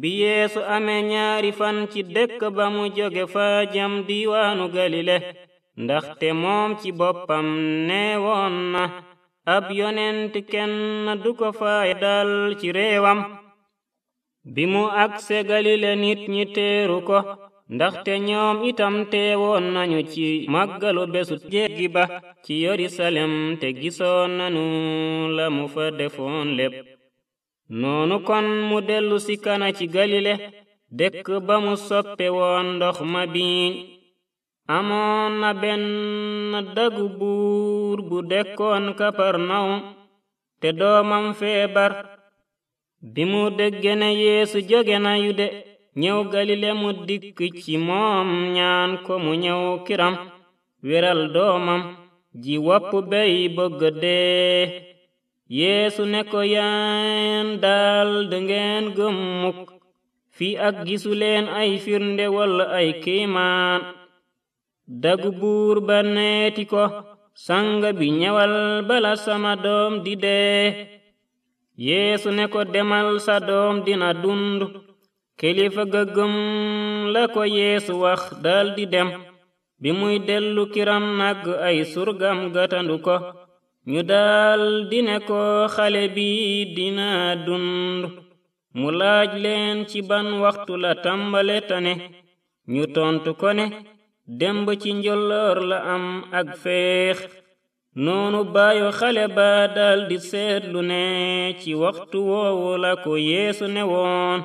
bi yeesu amee ñaari fan ci dëkk ba mu jóge fa jam diiwaanu galile ndaxte moom ci boppam nee woon na ab yonent kenn du ko faay dal ci réewam bi mu agse galile nit ñi teeru ko ndaxte ñoom itam teewoon nañu ci màggalu besu jéggi ba ci yerusalem te gisoon nanu la mu fa defoon lépp noonu kon mu dellu si kana ci galile dëkk ba mu soppe woon ndox ma biiñ amoon na benn dagu buur bu dëkkoon kaparnawum te doomam feebar bi mu dégge ne yeesu jóge na yude ñëw galile mu dikk ci moom ñaan ko mu ñëw kiram wéral doomam ji wopp bey bëgg dee yéesu ne ko yeen daal dangeen gëm fi ak gisuleen ay firnde walla ay kéemaan dagu buur ba neeti ko sanga bi ñëwal bala sama doom di dee yéesu ne ko demal sa doom dina dund kilifa ga gëm la ko yéesu wax daldi dem bi muy dellu kiram nag ay surgam gatandu ko ñu daal di ne ko xale bi dina dund mu laaj leen ci ban waxtu la tàmbale tane ñu tontu ko ne demb ci njolloor la am ak feex noonu baayu xale ba daldi seetlu ne ci waxtu woowu la ko yeesu ne woon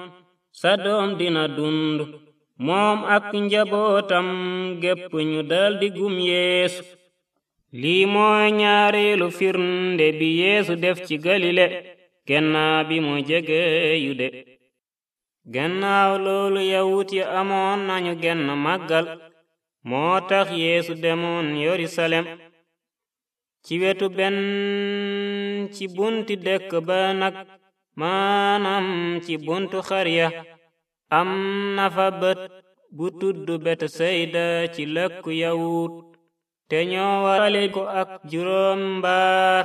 sa dina dund moom ak njabootam gépp ñu daldi gum yeesu lii mooy ñaareelu firnde bi yeesu def ci galile gannaaw bi mu jege yude gannaaw loolu yawut ya amoon nañu genn màggal moo tax yeesu demoon yerusalem ci wetu benn ci bunti dëkk ba nag maanaam ci buntu xar am na bët bu tudd betsayda ci lëkku yawut te ko ak juróom mbaar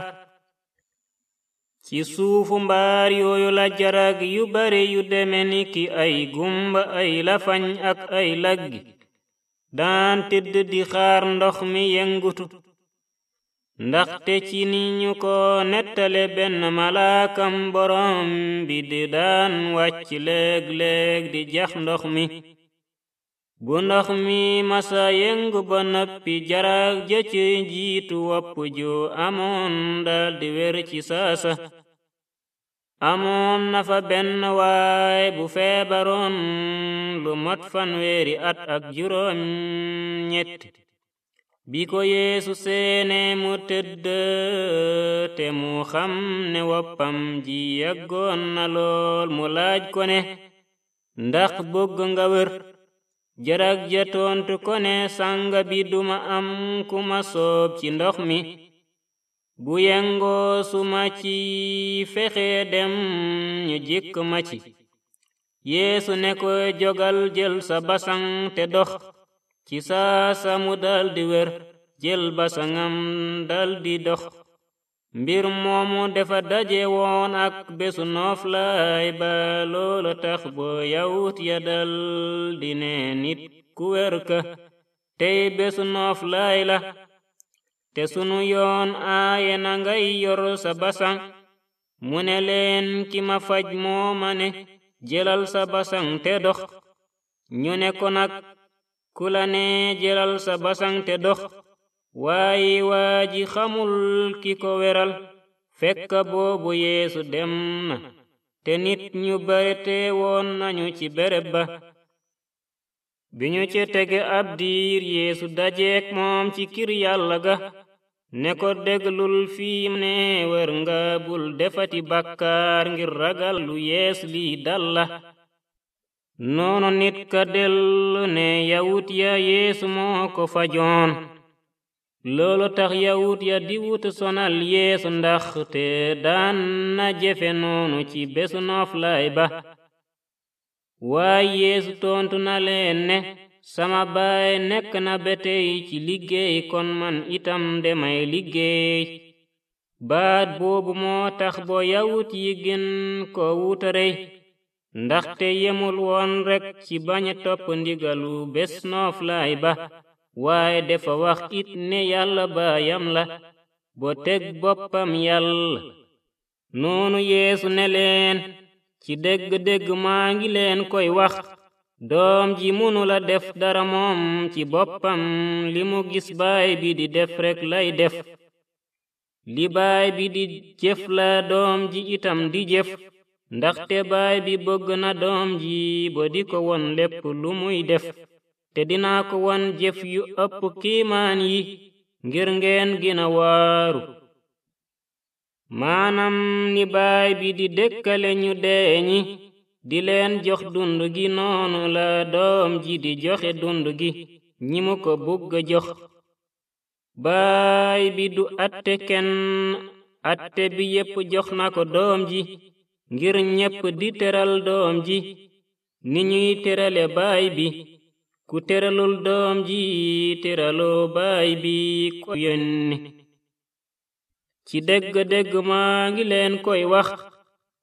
ci suufu mbaar yooyu la jarag yu bare yu deme ni ki ay gumba ay lafañ ak ay laggi daan tëdd di xaar ndox mi yëngutu ndaxte ci ni ñu ko nettale benn malaakam borom bi di daan wàcc léeg-léeg di jax ndox mi bu ndox mi masa yëngu ba noppi jarag ja jiitu wopp ju amoon dal di wér ci saasa amoon na fa benn waay bu feebaroon lu mot fanweeri at ak juróom ñett bi ko yéesu seene mu tëdd te mu xam ne woppam ji yàggoon na mu laaj ko ne ndax bëgg nga wér jarag ja tontu ko ne sanga bi duma am kuma soob ci ndox mi bu yengoo su ma ci fexe dem ñu jikk ma ci yeesu ne ko jogal jël sa basaŋ te dox ci saasa mu daldi wér jël basaŋam daldi dox mbir moomu dafa daje woon ak bésu nooflaay ba loola tax ba yawut ya dal di ne nit ku wér tey bésu nooflaay la te sunu yoon aaye na ngay yor sa basang mu ne leen ki ma faj moo ne jëlal sa basang te dox ñu ne ko nag ku la ne jëlal sa basang te dox waaye waa ji xamul ki ko weral fekk boobu yeesu dem na te nit ñu bare teewoon nañu ci bereb ba bi ñu ci tege ab diir yéesu dajeek moom ci kir yàlla ga ne ko déglul fii ne wër nga bul defati bàkkaar ngir ragal lu yees lii dal la noonu nit ka dellu ne yawut ya yeesu moo ko fajoon loolu tax yawut ya di wut sonal yeesu ndaxte daan na jëfe noonu ci bésu nooflaay ba waaye yeesu tontu na leen ne sama baay nekk na ba tey ci liggéey kon man itam demay liggéey baat boobu moo tax boo yawut yi gën ko wutarey ndaxte yemul woon rekk ci bañ topp ndigalu bés nooflaay ba waaye dafa wax it ne yàlla baayam la bo teg boppam yàlla noonu yeesu ne leen ci dégg dëgg maa ngi leen koy wax doom ji munu def dara moom ci boppam li mu gis baay bi di def rek lay def li baay bi di jëf la doom ji itam di jëf ndaxte baay bi bëgg na doom ji ba di ko won lépp lu muy def te dinaa ko wan jëf yu ëpp kiimaan yi ngir ngeen gina waaru maanam ni baay bi di dëkkale ñu dee di leen jox dund gi noonu la doom ji di joxe dund gi ñimu ko bugg jox baay bi du atte kenn atte bi yépp jox na ko doom ji ngir ñépp di teral doom ji ni ñuy terale baay bi ku teralul doom ji teraloo baay bi ko yónni ci dëgg-dëgg maa ngi leen koy wax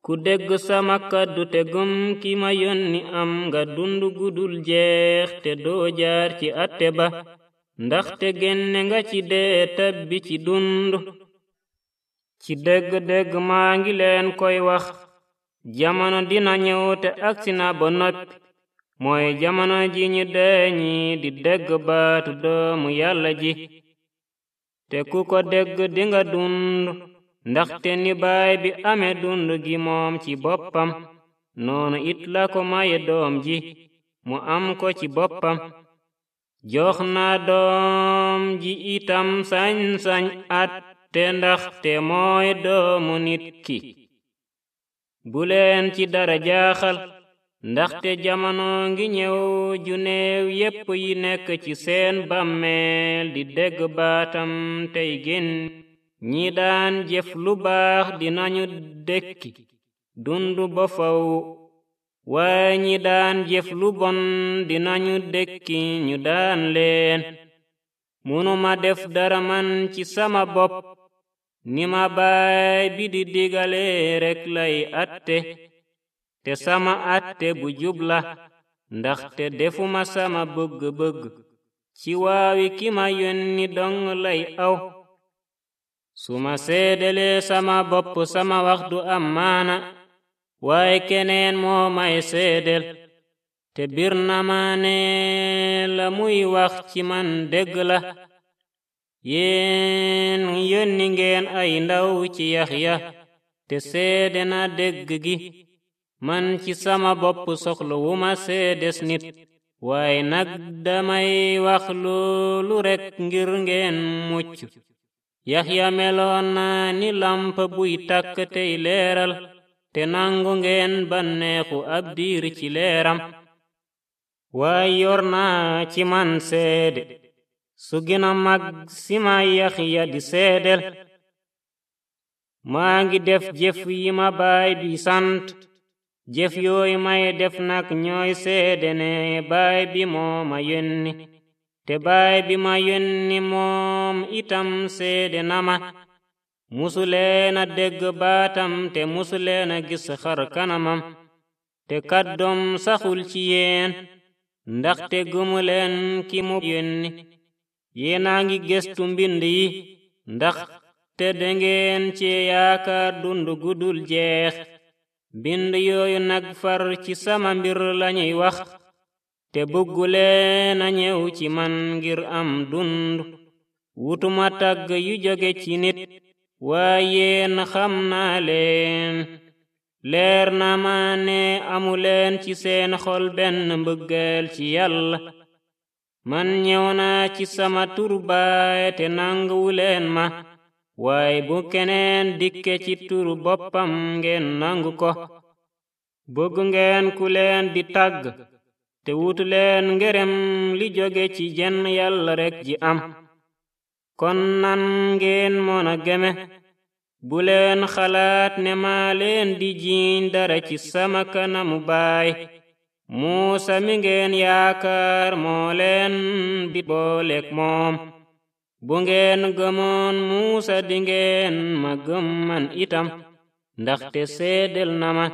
ku dégg sama kàddu te gëm ki ma yónni am nga dund gudul jeex te doojar ci atte ba te génne nga ci dee tabbi ci dund ci dëgg-dëgg maa ngi leen koy wax jamono dina ñëw te agsi na ba noppi mooy jamono ji ñu deeñi di dégg baatu doomu yàlla ji te ku ko dégg dinga dund ndaxte ni baay bi amee dund gi moom ci boppam noonu it la ko maye doom ji mu am ko ci boppam jox na doom ji itam sañ-sañ at te ndaxte mooy doomu nit ki buleen ci dara jaaxal ndaxte jamono ngi ñëw ju néew yépp yi nekk ci seen bàmmeel di dégg baatam tey génn ñi daan jëf lu baax dinañu dekki dund ba faw waaye ñi daan jëf lu bon dinañu dekki ñu daan leen mënuma def dara man ci sama bopp ni ma baay bi di digale rekk lay atte te sama àtte bu jub la ndaxte defuma sama bëgg-bëgg ci waawi ki ma yónni dong lay aw su ma seedelee sama bopp sama wax du am maana waaye keneen moo may seedel te bir na la muy wax ci man dégg la yéen yónni ngeen ay ndaw ci Yaxya te seede na dégg gi man ci sama bopp soxla wu ma seedes nit waaye nag damay wax loolu rekk ngir ngeen mucc yaxya meloon naa ni lampa buy takk tey leeral te nangu ngeen banneexu ab diir ci leeram waaye yor na ci man seede su gina mag si ma yaxya di seedel maa ngi def jëf yi ma baay sant jëf yooyu may def nag ñooy seede ne baay bi moo ma yónni te baay bi ma yónni moom itam seede na ma musuleena dégg baatam te musuleena gis xar te kàddoom saxul ci yéen ndaxte gëmuleen ki mu yónni yéena ngi gëstu mbind yi ndaxte dangeen cee yaakaar dund gudul jeex bind yooyu nag far ci sama mbir lañuy wax te bëgguleen a ñëw ci man ngir am dund wutuma tagg yu jóge ci nit waayeen xam naa leen leer na ma ne amuleen ci seen xol benn mbëggeel ci yàlla man ñëw naa ci sama turbaay te nanguwuleen ma waaye bu keneen dikke ci turu boppam ngeen nangu ko bëgg ngeen ku leen di tàgg te wutu leen ngërëm li jóge ci jenn yàlla rekk ji am kon nan ngeen mën a geme bu leen xalaat ne maa leen di jiiñ dara ci sama kanamu baay muusa mi ngeen yaakaar moo leen bi booleek moom bu ngeen gëmoon muusa di ngeen ma gëm itam ndaxte seedel na ma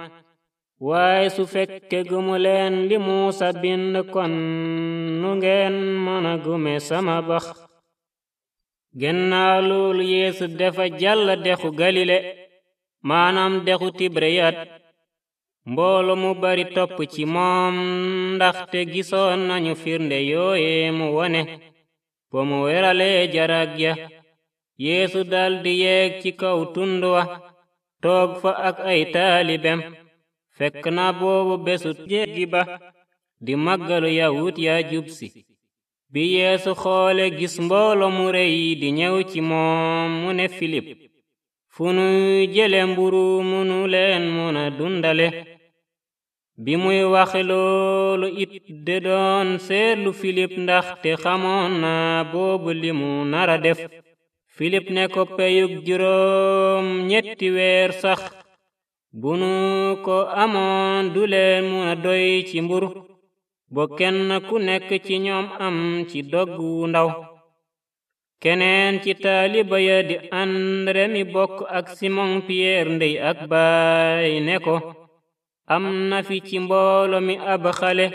waaye su fekke gëmuleen li muusa bind kon nu ngeen mën a gëme sama bax gennaaw loolu yeesu dafa jàll dexu galile maanaam dexu tibreyat mboolo mu bari topp ci moom ndaxte gisoon nañu firnde yooye mu wone ba mu weralee jarag ya yeesu daldi yeeg ci kaw tund toog fa ak ay taalibem fekk na boobu bésu jéggi ba di màggalu yawut ya jubsi bi yeesu xoole gis mboolo mu rëy di ñëw ci moom mu ne filip fu nuy jële mburu munu leen muna dundale bi muy wax loolu it de doon seetlu filip ndax te xamoon naa boobu li mu nara def filip ne ko peyug juróom ñetti weer sax bu nu amoon du leen mun a doy ci mburu ba kenn ku nekk ci ñoom am ci dogg wu ndaw keneen ci taaliba ya di andre mi bokk ak simon piyeer ndey ak baay ne ko am na ci mboolo mi ab xale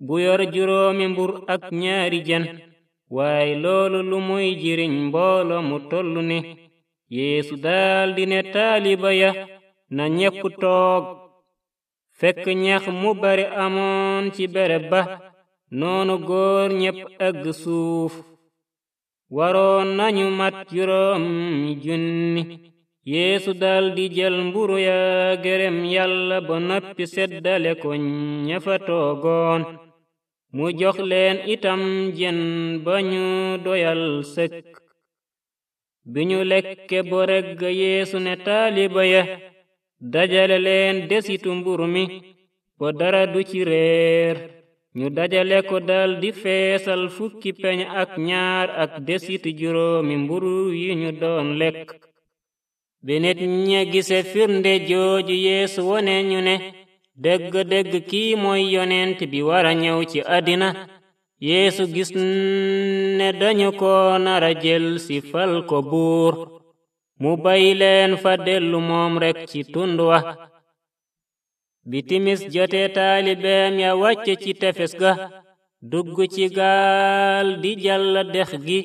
bu yor juróomi mbur ak ñaari jen waaye loolu lu muy jiriñ mboolo mu tollu ni yeesu daldi ne taaliba ya na ñépp toog fekk ñax mu bare amoon ci bereb ba noonu góor ñépp egg suuf waroon nañu mat juróomi junni yéesu daldi jël mburu ya gërëm yàlla ba noppi seddale ko ña fa mu jox leen itam jën ba ñu doyal sëkk bi ñu lekke ba regg yéesu ne taaliba ya dajale leen desitu mburu mi ba dara du ci réer ñu dajale ko daldi feesal fukki peñ ak ñaar ak desitu juróomi mburu yi ñu doon lekk bi nit ña gise firnde jooju yeesu wone ñu ne dëgg-dëgg kii mooy yonent bi wara ñëw ci àddina yéesu gisne dañu ko nara jël si fal ko buur mu bàyyi fa dellu moom rekk ci tund wa bi timis jote taalibeem ya wàcc ci tefes ga dugg ci gaal di jàll dex gi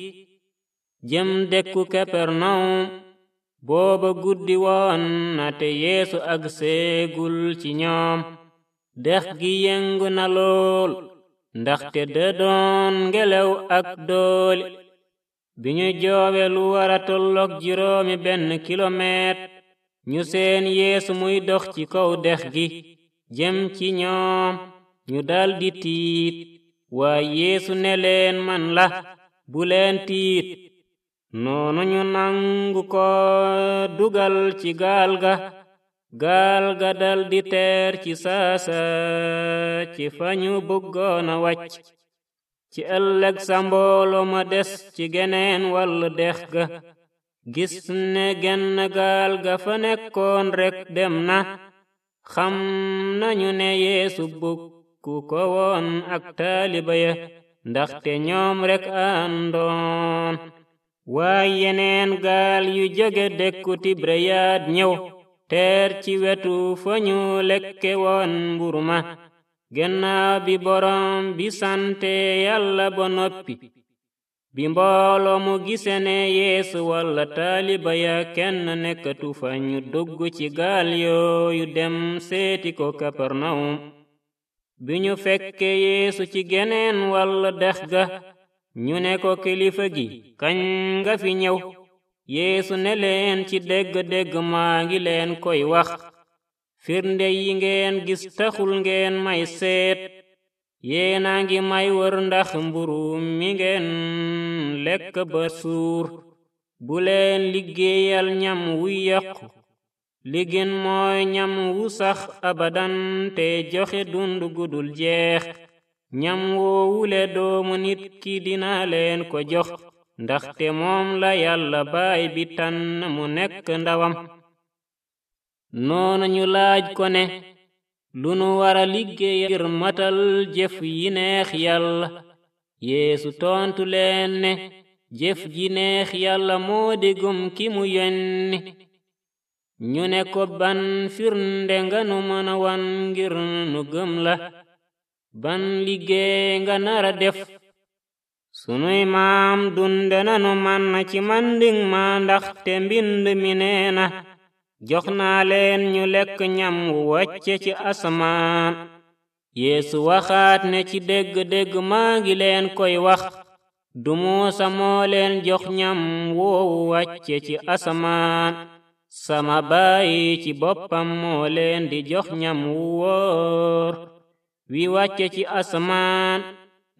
jëm dekku Kapernaum booba guddi woon na te yéesu ak seegul ci ñoom dex gi yëngu na lool ndaxte da doon ngelaw ak doole bi ñu joowe lu wara tolloog juróomi benn kilomètre ñu seen yéesu muy dox ci kaw dex gi jëm ci ñoom ñu daldi tiit waa yeesu ne man la bu tiit noonu ñu nangu ko dugal ci gaal ga gaal ga daldi teer ci saasa ci fa ñu bëggoon a wàcc ci ëllëg sa mbooloo ma des ci geneen wall dex ga gis ne genn gaal ga fa nekkoon rekk dem na xam nañu ne yeesu bukku ko woon ak taaliba ya ndaxte ñoom rekk àndoon waaye yeneen gaal yu jóge dëkku tibrayaat ñëw teer ci wetu fa ñu lekke woon mburu ma genna bi borom bi sante yalla ba noppi bi mbooloo mu gise ne yeesu walla taaliba ya kenn nekkatu fa ñu dugg ci gaal yu dem seeti ko kapernawum bi ñu fekke yeesu ci geneen walla dex ga ñu ne ko kilifa gi kañ nga fi ñëw yeesu ne leen ci dégg-dégg maa ngi leen koy wax firnde yi ngeen gis taxul ngeen may seet yéena ngi may wër ndax mburu mi ngeen lekk ba suur bu leen liggéeyal ñam wu yàqu liggéey mooy ñam wu sax abadan te joxe dund gudul jeex ñam woowule doomu nit dina leen ko jox ndaxte moom la yàlla baay bi tànn mu nekk ndawam noonu ñu laaj ko ne lu nu wara liggéey ngir matal jëf yineex neex yàlla yeesu tontu leen ne jëf ji neex yàlla moo ki mu yónni ñu ne ko ban firnde nga nu wan ngir nu gëm la ban liggéey nga nara def sunuy maam dunde nanu man ci manding ma ndaxte mbind mi nee na jox naa leen ñu lekk ñam wu wàcce ci asamaan yeesu waxaat ne ci dégg-dégg maa ngi leen koy wax du muusa moo leen jox ñam woowu wàcce ci asamaan sama baay ci boppam moo leen di jox ñam wu wóor wi wàcce ci asamaan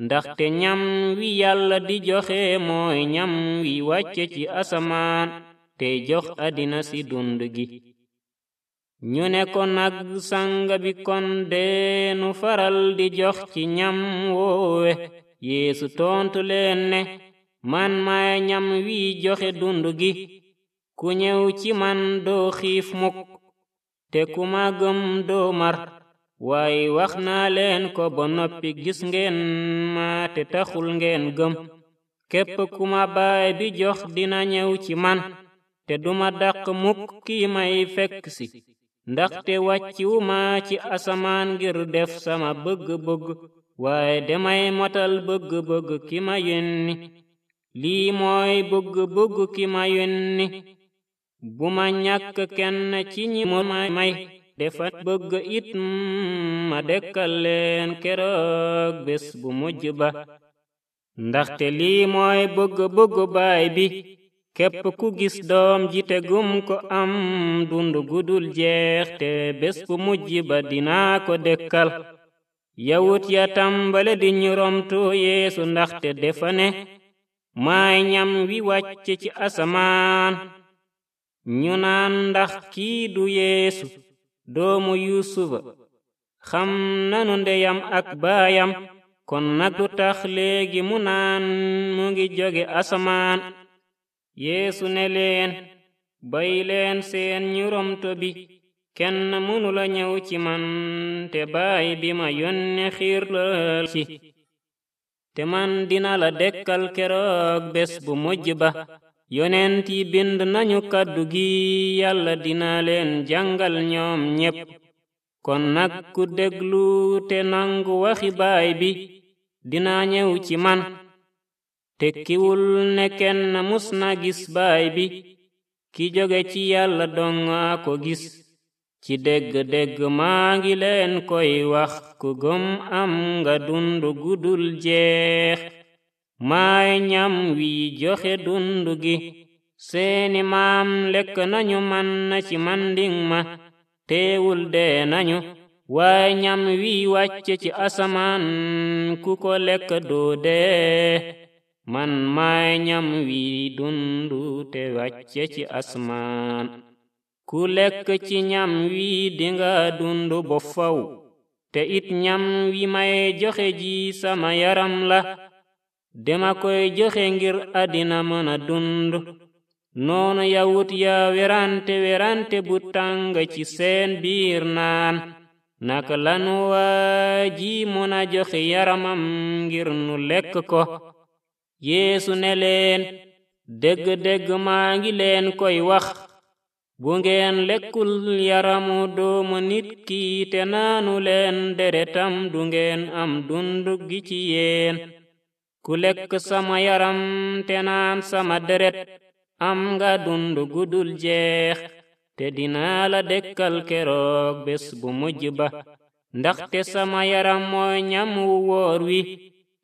ndaxte ñam wi yàlla di joxe mooy ñam wi wàcce ci asamaan tey jox àddina si dund gi ñu ne ko nag sang bi kon deenu faral di jox ci ñam woowe yeesu tontu leen ne man maay ñam wi joxe dund gi ku ñëw ci man doo xiif mukk te ku ma gëm doo mar waaye wax naa leen ko ba noppi gis ngeen ma te taxul ngeen gëm képp ku baay bi jox dina ñëw ci man te duma dàq mukk kii may fekk si ndaxte wàcciwu ma ci asamaan ngir def sama bëgg-bëgg waaye demay motal bëgg-bëgg ki ma yónni lii mooy bëgg-bëgg ki ma yónni bu ma kenn ci ñi may defat bëgg it mm, ma dekkal leen keroog bés bu mujj ba ndaxte lii mooy bëgg bëgg baay bi képp ku gis doom ji te gum ko am dund gudul jeex te bés bu mujj ba dinaa ko dekkal yawut ya tàmbale di ñu romtu yeesu ndaxte defa ne maay ñam wi wàcce ci asamaan ñu naan ndax kii du yeesu doomu yuusufa xam nanu ndeyam ak baayam kon nag lu tax léegi mu naan mu ngi jóge asamaan yeesu ne leen bay leen seen ñuromto bi kenn mënula ñëw ci man te baay bi ma yónne xiirlal ci te man dina la dekkal keroog bés bu mujj ba yonent yi bind nañu kàddu gi yàlla dina leen jàngal ñoom ñépp kon nag ku déglu te nangu waxi baay bi dina ñëw ci man tekkiwul ne kenn mus na gis baay bi ki joge ci yàlla donga ko gis ci dégg-dégg maa ngi leen koy wax ku gëm am nga dund gudul jeex maay ñam wi joxe dundu gi seeni maam lekk nañu man na ci manding ma teewul dee nañu waaye ñam wi wàcce ci asamaan ku ko lekk doo dee man maay ñam wi dundu te wàcce ci asamaan ku lekk ci ñam wi dinga dundu bo faw te it ñam wi may joxe ji sama yaram la dema koy joxe ngir àddina mën a dund noonu yawut ya werante werante bu ci seen biir naan naka lanu waa ji joxe yaramam ngir nu lekk ko yeesu ne leen dëgg-dëgg maa ngi leen koy wax bu ngeen lekkul yaramu doomu nit ki naanu leen deretam du ngeen am dund gi yeen ku lekk sama yaram te naan sama deret am nga dund gudul jeex te dinaa la dekkal keroog bés bu mujj ba ndaxte sama yaram mooy ñam wu wóor wi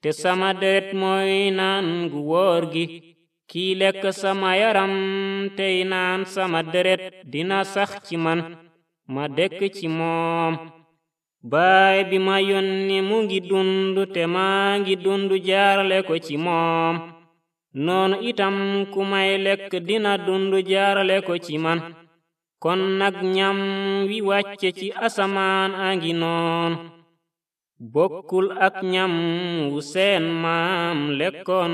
te sama deret mooy naan gu wóor gi kii lekk sama yaram tey naan sama deret dina sax ci man ma dekk ci moom baay bi ma ni mu ngi dundu te maa ngi dundu jaarale ko ci moom noonu itam ku may lekk dina dundu jaarale ko ci man kon nag ñam wi wàcce ci asamaan a ngi noonu bokkul ak ñam wu seen maam lekkoon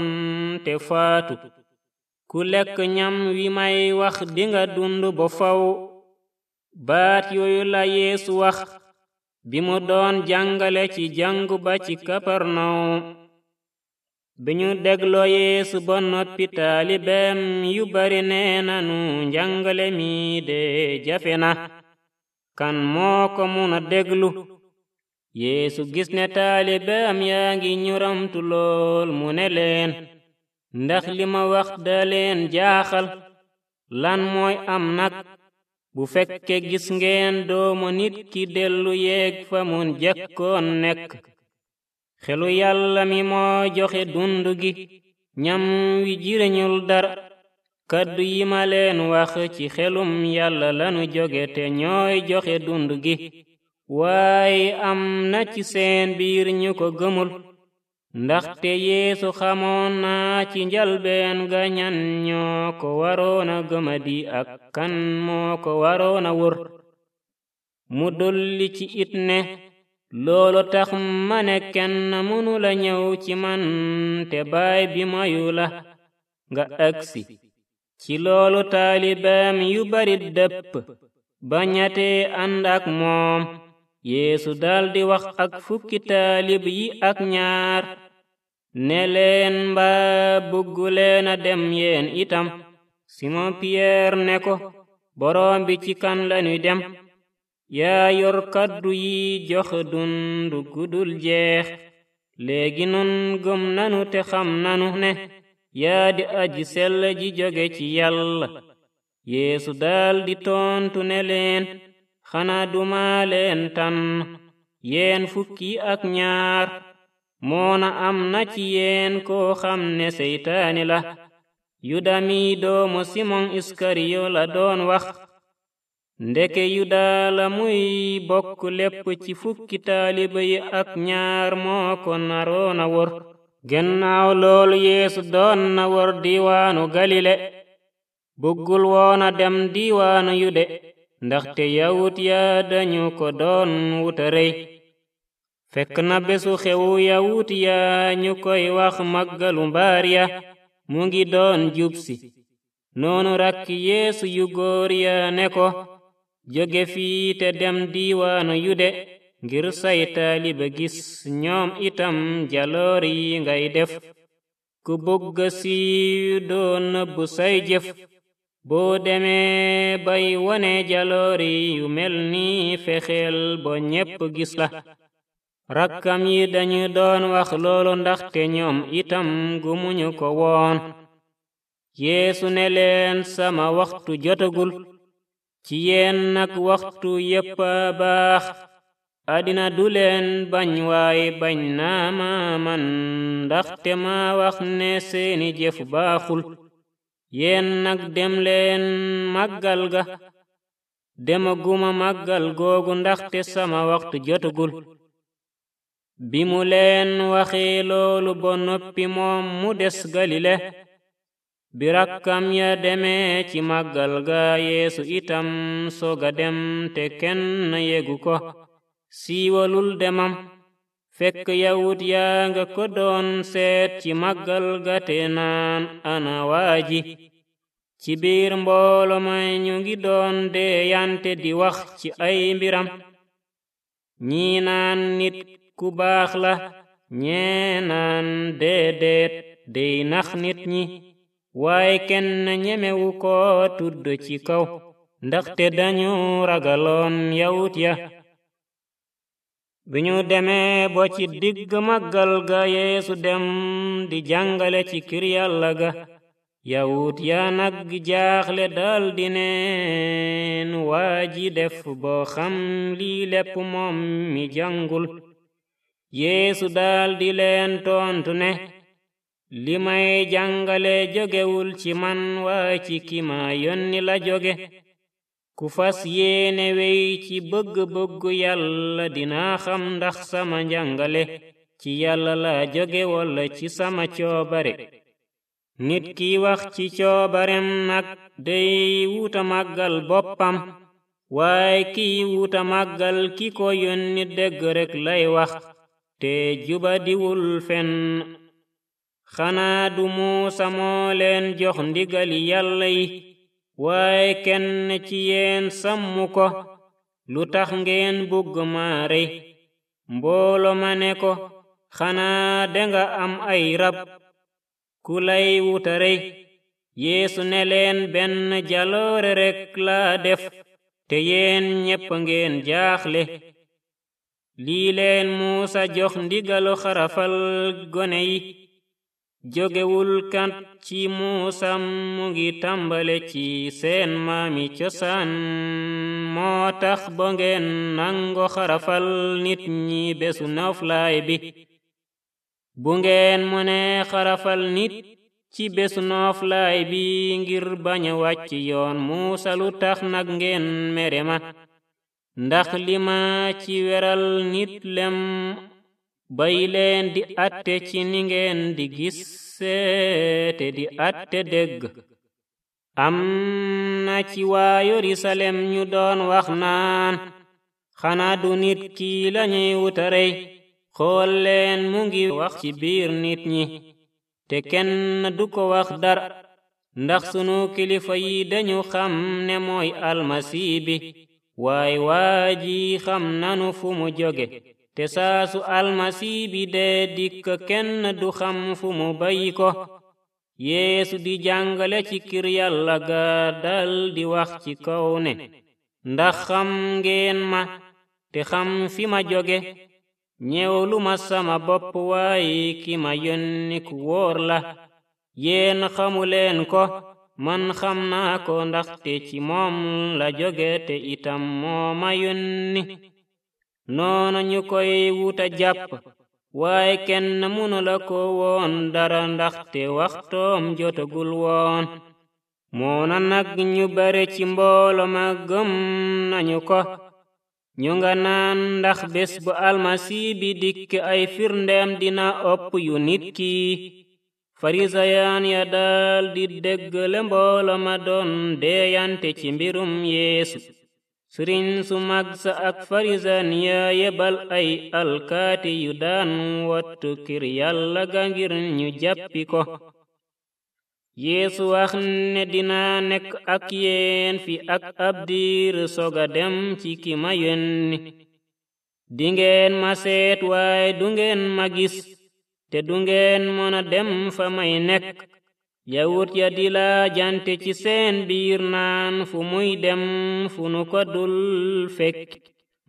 te faatu ku lekk ñam wi may wax dinga dundu ba faw baat yooyu la yeesu wax bi mu doon jàngale ci jàngu ba ci kaparnaw bi ñu dégloo yeesu ba noppi taalibeem yu bari nee nanu njàngale mi de jafe na kan moo ko mun a déglu yeesu gis ne taalibeem yaa ngi ñuramtu lool mu ne leen ndax li ma wax da jaaxal lan mooy am nag bu fekke gis ngeen doomu nit ki dellu yeeg fa mun jëkkoon nekk xelu yàlla mi moo joxe dund gi ñam wi jiriñul dara kàddu yi ma leen wax ci xelum yàlla lanu joge te ñooy joxe dund gi waaye am na ci seen biir ñu ko gëmul ndaxte yeesu xamoon naa ci njalbeen ga ñan ñoo ko waroon a ak kan moo ko waroon a wër mu dolli ci it ne loolo tax ma ne kenn mënu ñëw ci man te baay bi mayu la nga agsi ci loolu taalibeem yu bari dëpp ba ñatee ànd ak moom yeesu daldi wax ak fukki taalib yi ak ñaar ne leen mbaa bëgguleen a dem yeen itam simon piyeer ne ko boroom bi ci kan lañuy dem yaa yor kàddu yi joxe dundu gudul jeex léegi nun gëm nanu te xam nanu ne yaa di aji sell ji joge ci yàlla yeesu daldi tontu ne xanaa duma leen tànn yeen fukki ak ñaar moona am na ci yeen koo xam ne seytaane la yuda mi doomu simon iskariyo doon wax ndeke yuda la muy bokk lépp ci fukki taaliba yi ak ñaar moo ko naroon wor gannaaw loolu yeesu doon na wor diiwaanu galile bëggul woona dem diiwaanu yude ndaxte yawut ya dañu ko doon wuta fekk na bésu xewu yawut ya ñu koy wax màggalu mbaar mu ngi doon jub si noonu rakk yeesu yu ne ko jóge fii te dem diiwaanu yude ngir say taaliba gis ñoom itam jaloor yi ngay def ku bëgg si doo bu say jëf boo demee bay wone jaloor yu mel ni fexeel ba ñépp gis la rakkam yi dañu doon wax loolu ndaxte ñoom itam gumuñu ko woon yeesu ne leen sama waxtu jotagul ci yéen nag waxtu yépp a baax àddina du bañ waaye bañ naa ma ndaxte maa wax ne seeni jëf baaxul yéen nag dem leen màggal ga demaguma màggal googu ndaxte sama waxtu jotagul bi mu leen waxee loolu ba noppi moom mu des galile bi rakkam ya deme ci màggal ga yeesu itam soga dem te kenn yegu ko siiwalul demam fekk yawut yaa nga ko doon seet ci màggal ga te naan ana waa ci biir mboolo may ñu ngi doon deeyante di wax ci ay mbiram ñii naan nit ku baax la ñee naan déedéet dey nax nit ñi waaye kenn ñemewu ko tudd ci kaw ndaxte dañu ragaloon yawut ya bi ñu demee bo ci digg màggal ga yéesu dem di jàngale ci kër yàlla ga yawut ya nag jaaxle daldi neen waa def boo xam lii lépp moom mi jàngul yéesu daldi leen tontu ne li may jàngale jogewul ci man waa ci ki ma yónni la joge ku fas yéene wey ci bëgg-bëggu bëgg yàlla dinaa xam ndax sama njàngale ci yàlla la joge walla ci sama coobare nit ki wax ci coobarem nag day wuta màggal boppam waaye kiy wuta màggal ki ko yónni dëgg rekk lay wax te jubadiwul fen xanaa du muusa moo jox ndigali yàlla yi kenn ci yeen sàmmu ko lu tax ngeen bugg maa rey mboolo ma ne ko xanaa danga am ay rab ku lay wuta rey yeesu ne leen benn jaloore rekk laa def te yeen ñépp ngeen jaaxle lii leen muusa jox ndigalu xarafal gone yi jógewul ci muusa mu ngi tàmbale ci seen maami cosaan moo tax ba ngeen nango xarafal nit ñi bésu noflaay bi bu ngeen mënee xarafal nit ci bésu noflaay bi ngir bañ a wàcc yoon muusa lu tax nag ngeen mere ma ndax li ma ci weral nit lem bay leen di atte ci ni ngeen di gisse te di atte dégg am na ci waa Yerusalem ñu doon wax naan xanaa du nit kii lañuy wutarey xool leen mu ngi wax ci biir nit ñi te kenn du ko wax dara ndax sunu kilifa yi dañu xam ne mooy almasi bi waay waa ji xam nanu fu mu jóge te saasu almasi bi dee dikk kenn du xam fu mu bayi ko yeesu di jàngale ci kër yàlla ga dal di wax ci kaw ndax xam ngeen ma te xam fi ma jóge ñewlu ma sama bopp waaye ki ma yónni ku wóor la yéen xamuleen ko man xam naa ko ndaxte ci moom la jóge itam moo ma yónni noonu ñu koy wuta jàpp waaye kenn munu la ko woon dara ndaxte waxtoom jotagul woon moona nag ñu bare ci mboolo ma gëm nañu ko ñu nga naan ndax bés bu almasi bi dikk ay firndeem dina ëpp yu nit ki farisayan ya daldi déggale mboolo ma doon deeyante ci mbirum yeesu sëriñ su mag ak farisan ya yebal ay alkaati yu daan wattu kir yàlla ga ngir ñu jàppi ko yeesu wax ne dinaa nekk ak yeen fi ak ab diir soga dem ci ki ma yónni dingeen ma seet waaye du ngeen ma gis te du ngeen mën a dem fa may nekk yawut ya di la jante ci seen biir naan fu muy dem fu nu ko dul fekk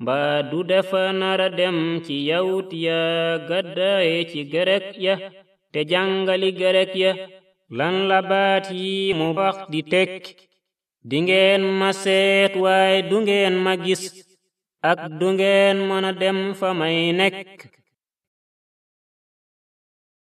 mbaa du defa nara dem ci yawut ya gàddaaye ci gerek ya te jàngali gerek ya lan la mu wax di tekk di ngeen ma seet waaye du ngeen ma gis ak du ngeen mën dem fa may nekk